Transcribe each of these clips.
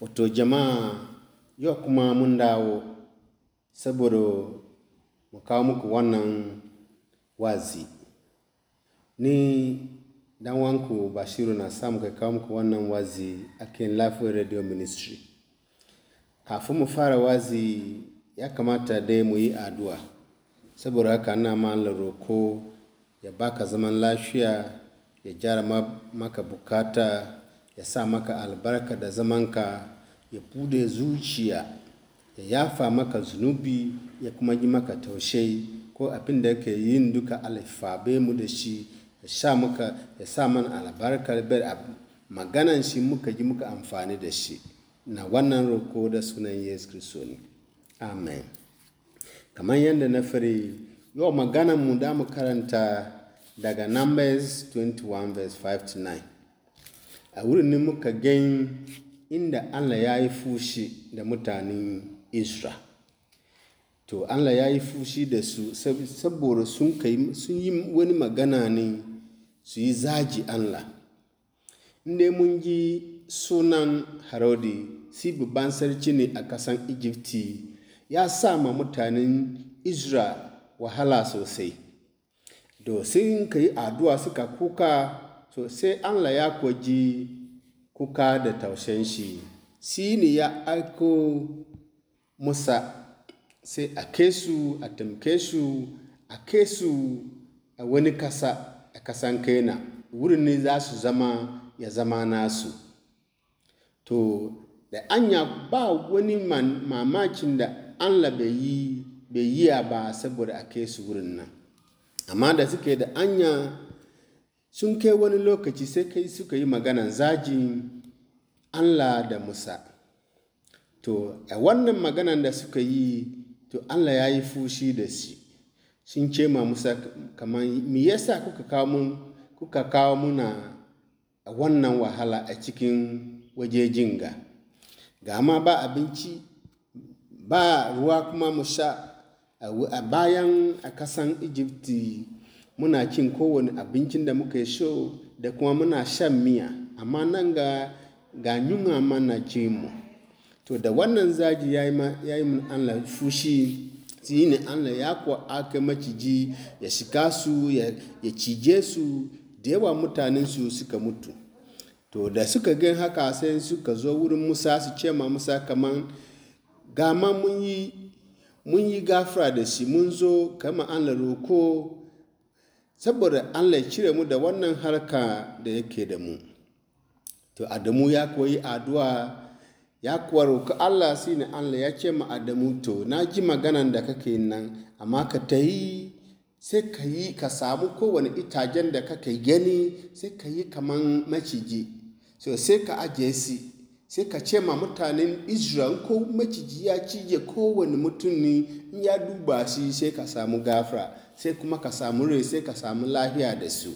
Wato jama'a yau kuma mun dawo saboda mu kawo muku wannan wazi. Ni dan wanku Bashiru na samu ka kawo muku wannan wazi kan Lafiyar Radio Ministry. Kafin mu fara wazi ya kamata dai mu yi addu'a. Saboda haka ana ma roko ya baka zaman lafiya, ya jara maka bukata ya sa maka albarka da zamanka ya bude zuciya ya yafa maka zunubi ya kuma yi maka taushe ko abin da yake yin duka alfabe mu da shi ya sa maka ya sa mana albarkar maganan shi muka yi muka amfani da shi na wannan roko da sunan yesu kristo ne amen kamar yadda na fari yau maganan mu da mu karanta daga numbers 21 verse 5 to 9 A wurin ne muka gan inda Allah ya yi fushi da mutanen Isra. To Allah ya yi fushi da su saboda sun yi wani magana ne su yi zaji Allah. Inde mun yi sunan Harodi, si babban sarki ne a ƙasan Egypti, ya sa ma mutanen Isra wahala sosai. To sun yi addu'a suka kuka so sai Allah ya kwaji kuka da taushen shi shi ne ya aiko musa sai a kesu a tamke su a kesu a wani kasa a kasan kaina wurin ne za su zama ya zama nasu to da anya ba wani mamakin da Allah bai yi bai ba saboda a kesu wurin nan amma da suke da anya sun kai wani lokaci sai kai suka yi maganan zagin Allah da Musa. To, a wannan maganan da suka yi, to Allah ya yi fushi da shi, sun ce ma Musa kamar me yasa kuka kawo mun kuka kawo muna a wannan wahala a cikin waje jinga? Ga ma ba abinci, ba ruwa kuma mu a bayan a kasan Egypti muna cin kowane abincin da muke so da kuma muna shan miya amma nan ga ga yunwa ma na mu to da wannan zaji ya yi mun Allah fushi shi ne Allah ya kuwa aka maciji ya shiga su ya cije su da yawa mutanen su suka mutu to da suka gan haka sai suka zo wurin Musa su ce ma Musa kaman gama mun yi gafara da shi mun zo kama Allah roko saboda Allah ya cire mu da wannan harka da yake da mu to Adamu ya koyi addu'a ya kuwa roƙi Allah si ne Allah ya ce ma Adamu to na ji maganan da kake nan amma ka ta yi sai ka yi ka samu kowane itajen da kake gani sai ka yi kaman maciji so sai ka ajiye shi sai ka ce ma mutanen israel ko maciji ya cije kowane mutum ne in ya duba shi sai ka samu gafara sai kuma ka samu rai sai ka samu lafiya da su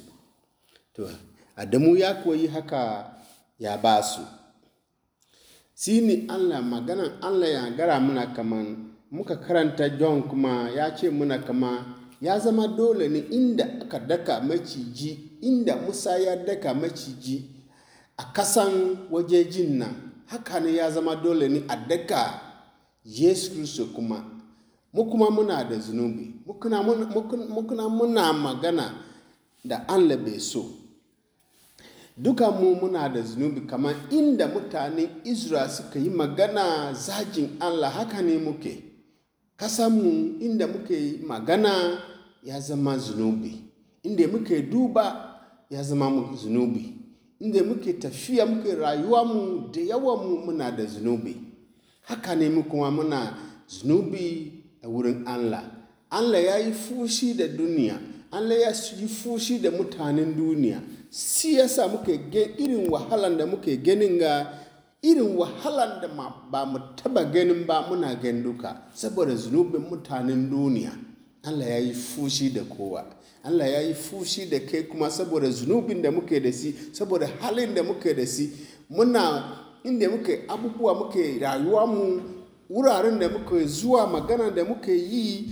adamu ya koyi haka ya ba su shi allah maganan allah ya gara muna kaman muka karanta john kuma ya ce muna kama ya zama dole ne inda aka daka maciji inda musa ya daka maciji a kasan wajejin nan haka ne ya zama dole ne a daga yesu kristo kuma mu kuma muna da zunubi kuna muna magana da an bai so duka mu muna da zunubi kamar inda mutanen israel suka yi magana zajin allah haka ne muke kasanmu inda muke magana ya zama zunubi inda muke duba ya zama zunubi inda muke tafiya muke rayuwa mu da yawan mu muna da zunubi haka ne mu kuma muna zunubi a wurin Allah Allah ya yi fushi da duniya Allah ya yi fushi da mutanen duniya si yasa muke gen irin wahalan da muke ganin ga irin wahalan da ba mu taba ganin ba muna gan duka saboda zunubin mutanen duniya Allah ya yi fushi da kowa Allah ya yi fushi da kai kuma saboda zunubin da muke da si saboda halin da muke da si muna inda muke abubuwa muke rayuwa mu wuraren da muke zuwa magana da muke yi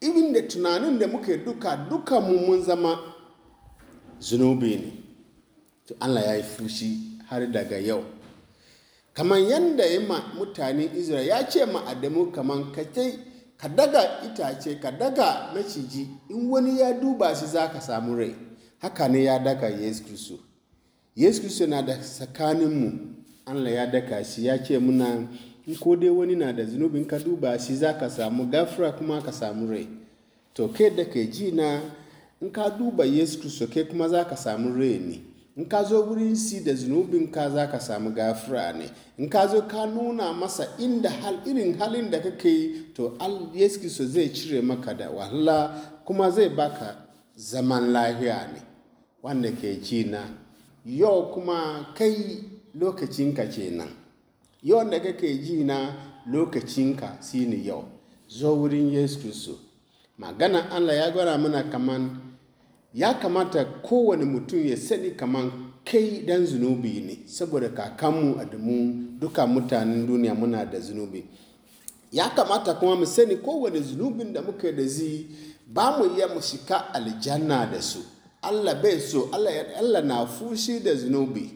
ibin da tunanin da muke duka duka mu mun zama zunubi ne to Allah ya yi fushi har daga yau kamar yadda ya ma mutanen ya ce ma Adamu kamar kai ka daga itace ka daga maciji in wani ya duba shi za ka samu rai haka ne ya daga yesu kristo yesu kristo na da tsakaninmu allah ya daga shi ya ce muna in ko dai wani na da zunubin ka duba shi za ka samu gafura kuma ka samu rai to kai da ke ji na in ka duba yesu kristo kai kuma za ka samu rai ne in ka zo wurin si da zunubinka za ka samu gafura ne in ka zo ka nuna masa inda hal irin halin da kake yi to yesu so zai cire maka da wahala kuma zai baka zaman lahiya ne wanda ke ci na yau kuma kai lokacinka nan yau wanda kake ji na lokacinka shine yau zo wurin yesu so magana allah ya gwada mana kaman ya kamata kowane mutum ya sani kaman kai dan zunubi ne saboda kakanmu a dumu duka mutanen duniya muna da zunubi ya kamata kuma mu sani kowane zunubin da muka da zi ba mu iya mu shika aljanna da su allah bai so allah na fushi da zunubi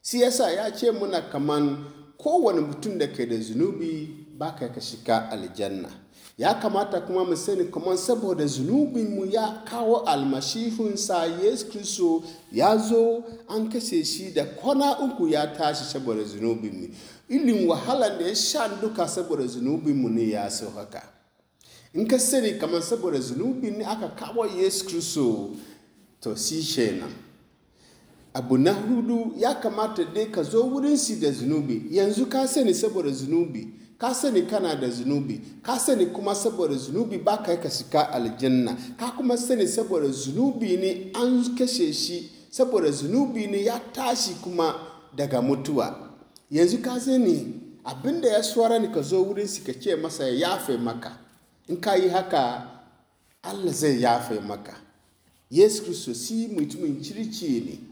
siyasa ya ce muna kaman kowane mutum da ke da zunubi ba ka shika aljanna ya kamata kuma mu sani kuma saboda mu ya kawo almashifinsa yesu kristo ya zo an kashe shi da kwana uku ya tashi saboda mu ilin wahalan da ya sha duka saboda mu ne ya so haka in ka sani kamar saboda zunubin ne aka kawo yesu kristo to si kenan abu na hudu ya kamata dai ka zo wurin si da zunubi yanzu ka sani saboda zunubi ka sani kana da zunubi ka sani kuma saboda zunubi ba ka ka shiga aljanna ka kuma sani saboda zunubi ne an kashe shi saboda zunubi ne ya tashi kuma daga mutuwa yanzu ka sani abinda ya suwara ni ka zo wurin su ka ce masa ya yafe maka in ka yi haka allah zai yafe maka yesu kristo si mutumin kirki ne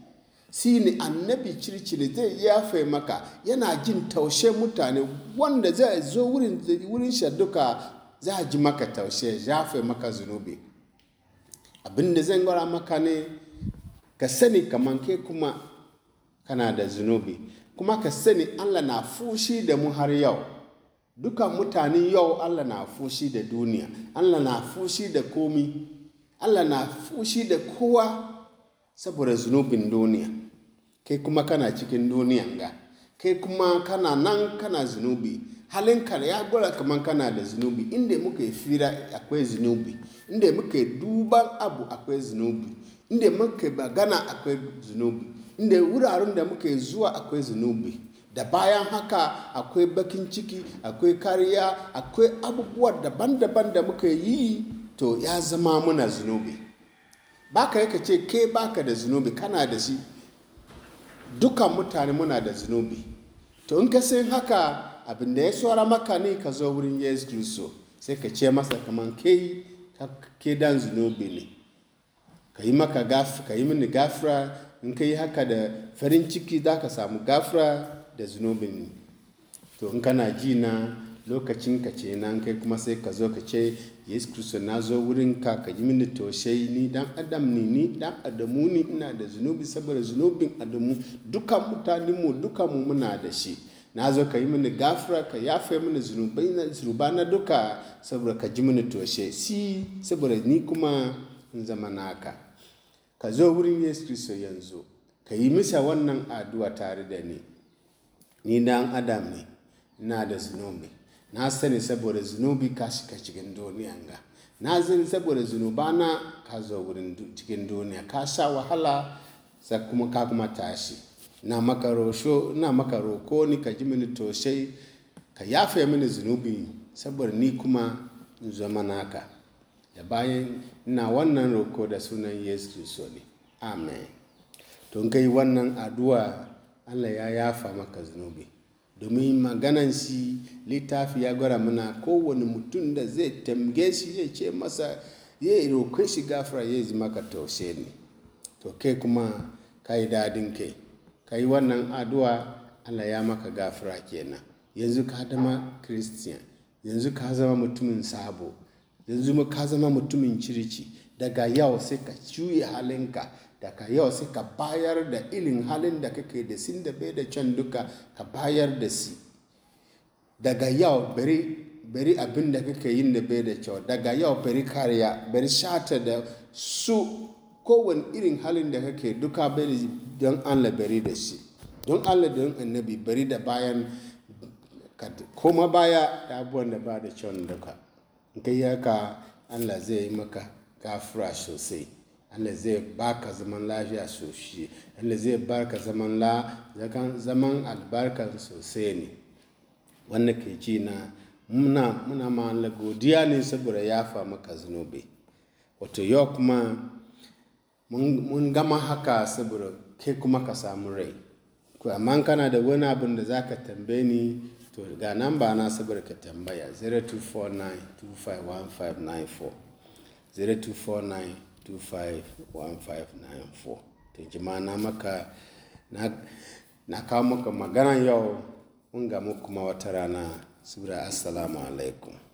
Sini annabi circili zai yafe maka yana jin taushe mutane wanda zai zo wurin shaduka za ji maka taushe yafe maka zunubi abinda zan gwara maka ne ka sani kamar ke kuma kana da zunubi kuma ka sani allah na fushi da mu har yau duka mutane yau allah na fushi da duniya allah na fushi da komi allah na fushi da kowa saboda zunubin duniya kai kuma kana cikin duniyan ga kai kuma kana nan kana zunubi halinka ya gwada kamar kana da zunubi inda muka yi fira akwai zunubi inda muka yi duban abu akwai zunubi inda muka yi magana akwai zunubi inda wuraren da muka yi zuwa akwai zunubi da bayan haka akwai bakin ciki akwai kariya akwai abubuwa daban-daban da muka yi to ya zama muna zunubi ba ka yi ka ce ke baka da zunubi kana da shi Duka mutane muna da zunubi to in ka san haka abin da ya tsora maka ne ka zo wurin yesu kristo sai ka ce masa kamar ke ke dan zunubi ne ka yi maka gafi ka yi mini gafra in ka yi haka da farin ciki za ka samu gafra da zunubin to in kana ji na lokacin ka ce nan kai kuma sai ka zo ka ce yesu kristo na zo wurin ka ka ji mini toshe ni dan adam ni ni dan adamu ni ina da zunubi saboda zunubin adamu dukan mutanen mu dukan mu muna da shi na zo ka yi mini gafura ka yafe mini zunubai na zunuba na duka saboda ka ji mini toshe si saboda ni kuma in zama naka ka zo wurin yesu kristo yanzu ka yi misa wannan addu'a tare da ni ni dan adam ne ina da zunubi na sani saboda zunubi ka shiga cikin duniya ga na sani saboda zunubana ka zo wurin cikin duniya ka sha wahala sa kuma ka kuma tashi na maka na maka roko ni ka ji mini toshe ka yafe mini zunubi saboda ni kuma in zama naka da bayan ina wannan roko da sunan yesu kristo ne amen to kai wannan addu'a allah ya yafa maka zunubi domin maganan shi littafi ya gwara mana kowane mutum da zai tamge shi ya ce masa ya roƙe shi gafara ya zama ka taushe ne to kai kuma ka yi dadin kai ka yi wannan addu'a allah ya maka gafara kenan yanzu ka zama christian yanzu ka zama mutumin sabo yanzu ma ka zama mutumin kirki daga yau sai ka juye halinka daga yau sai ka bayar da ilin halin da kake da sin da bai da can duka ka bayar da si daga yau bari bari abin da kake yin da bai da kyau daga yau bari kariya bari shata da su kowane irin halin da kake duka bari don allah bari da shi don allah don annabi bari da bayan koma baya da abubuwan da ba da kyau duka in ka Allah zai yi maka gafura sosai Allah zai baka zaman lafiya sosai Allah zai baka zaman la zaman albarka sosai ne wannan ke ji na muna muna ma Allah godiya ne saboda ya fa maka zunubi wato yau kuma mun gama haka saboda kai kuma ka samu rai amma kana da wani abin da zaka tambaye ni to ga namba na saboda ka tambaya 0249251594 0249251594 to jima na maka na kawo maka maganan yau mun muku kuma wata rana sura assalamu alaikum